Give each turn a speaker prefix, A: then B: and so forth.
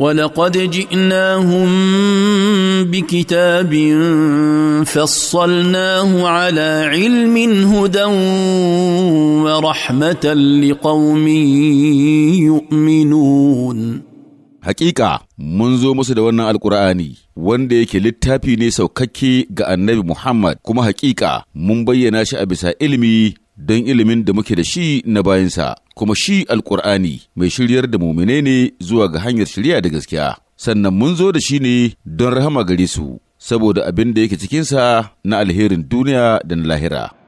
A: ولقد جئناهم بكتاب فصلناه على علم هدى ورحمه لقوم يؤمنون
B: Haƙiƙa! mun zo musu da wannan alkur'ani wanda yake littafi ne saukakke ga annabi Muhammad kuma hakika mun bayyana shi a bisa ilimi don ilimin da muke da shi na bayansa, kuma shi alkur'ani mai shiryar da mumine ne zuwa ga hanyar shirya da gaskiya. Sannan mun zo da shi ne don rahama gare su, saboda abin da yake cikinsa na alherin duniya da na lahira.